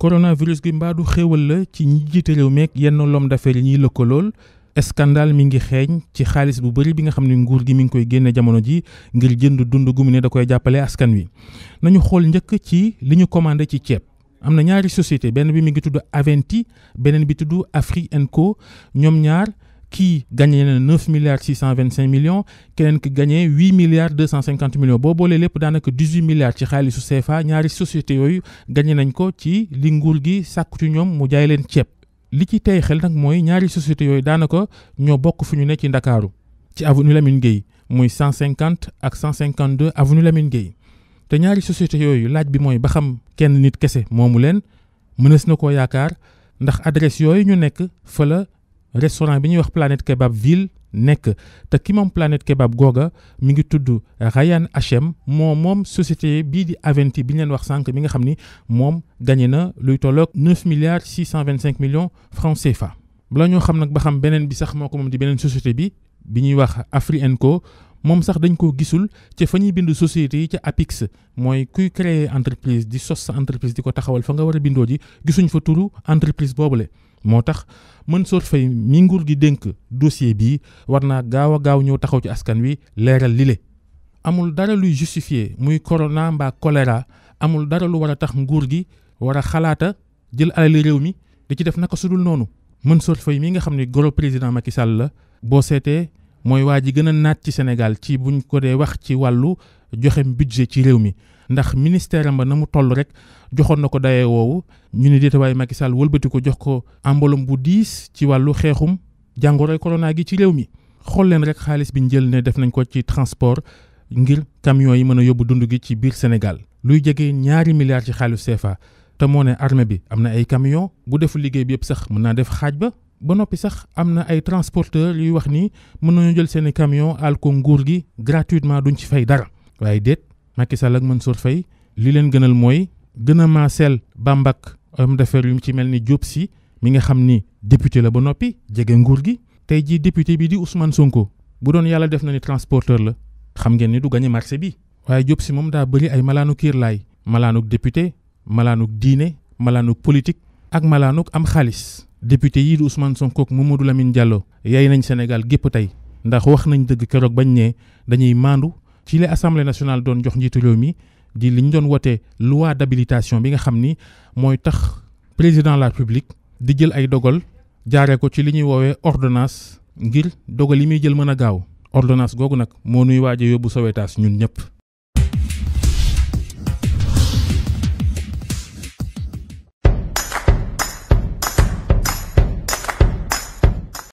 coronavirus mbaa du xéewal la ci ñi jiite réew meek yenn lom d'affaires yi ñuy lëkkalool scandale mi ngi xeeñ ci xaalis bu bëri bi nga xam ne nguur gi mi ngi koy génne jamono ji ngir jënd dund gu ne da koy jàppale askan wi nañu xool njëkk ci li ñu commandé ci ceeb am na ñaari société benn bi mi ngi tudd Aventi beneen bi tudd Afri en Co ñoom ñaar kii gagné na neuf milliards six cent vingt cinq millions keneen ki gagné huit milliards deux cent cinquante millions boo boolee lépp daanaka dix huit milliards ci xaalisu CFA ñaari sociétés yooyu gagné nañ ko ci li nguur gi sàkku ci ñoom mu jaay leen ceeb. li ci tey xel nag mooy ñaari société yooyu daanaka ñoo bokk fu ñu ne ci Ndakaaru ci avenue Lamine Gueye muy cent cinquante ak cent cinquante deux avenue Lamine Gueye te ñaari sociétés yooyu laaj bi mooy ba xam kenn nit kese moomu leen mënees na koo yaakaar ndax adresse yooyu ñu nekk fa restaurant bi ñuy wax Planète Kebab Ville nekk te ki moom Planète Kebab googa mi ngi tudd Ryan Hachem moo moom société bii di Aventi bi ñu wax sànq mi nga xam ni moom gañe na luy tolloog neuf milliards six cent vingt cinq millions francs CFA. bala ñoo xam nag ba xam beneen bi sax moo ko moom di beneen société bi bi ñuy wax Afri&Co moom sax dañ koo gisul ci fa ñuy bind société yi ca APIX mooy kuy créer entreprise di sos sa entreprise di ko taxawal fa nga war a bindoo ji gisuñ fa turu entreprise le moo tax Mansour Faye mi nguur gi dénk dossier bii war naa gaaw a gaaw ñëw taxaw ci askan wi leeral lile. amul dara luy justifier muy corona mbaa choléra amul dara lu war a tax nguur gi war a xalaata jël alali réew mi di ci def naka sudul noonu Mansour Faye mi nga xam ne goro président Macky Sall la boo seetee. mooy waa ji gën a naat ci Sénégal ci buñ ko dee wax ci wàllu joxem budget ci réew mi ndax ministère am ba na mu toll rek joxoon na ko dayee woowu ñu ni déetawaay Macky Sall wëlbati ko jox ko embolom bu diis ci wàllu xeexum jàngoroy corona gi ci réew mi xool leen rek xaalis bi ñu jël ne def nañ ko ci transport ngir camions yi mën a yóbbu dund gi ci biir Sénégal luy jege ñaari milliards ci xaalis CFA te moo ne armée bi am na ay camions bu deful liggéey bi yëpp sax mën naa def xaaj ba ba noppi sax am na ay transporteurs yuy wax ni mën nañu jël seen i camions àll nguur gi gratuitement duñ ci fay dara waaye déet Macky Sall ak Mansour Faye li leen gënal mooy gën a maaseel bambak homme d'affaires yu ci mel ni Diop si mi nga xam ni député la ba noppi jege nguur gi tey jii député bi di Ousmane Sonko bu doon yàlla def na ni transporteur la xam ngeen ni du gañe marché bi waaye Diop si moom daa bëri ay malaanu kiir laay malaanu député malaanuk diine malaanuk politique ak malaanuk am xaalis député yii di Ousmane Sonko ak Mamadou Lamine Diallo yaay nañ Sénégal gépp tey ndax wax nañ dëgg keroog bañ ne dañuy maandu ci la assemblée nationale doon jox njiitu réew mi di li ñu doon wote loi d'habilitation bi nga xam ni mooy tax président la République di jël ay dogal jaaree ko ci li ñuy woowee ordonnance ngir dogal yi muy jël mën a gaaw ordonnance googu nag moo nuy waaje yóbbu Sowetaas ñun ñëpp.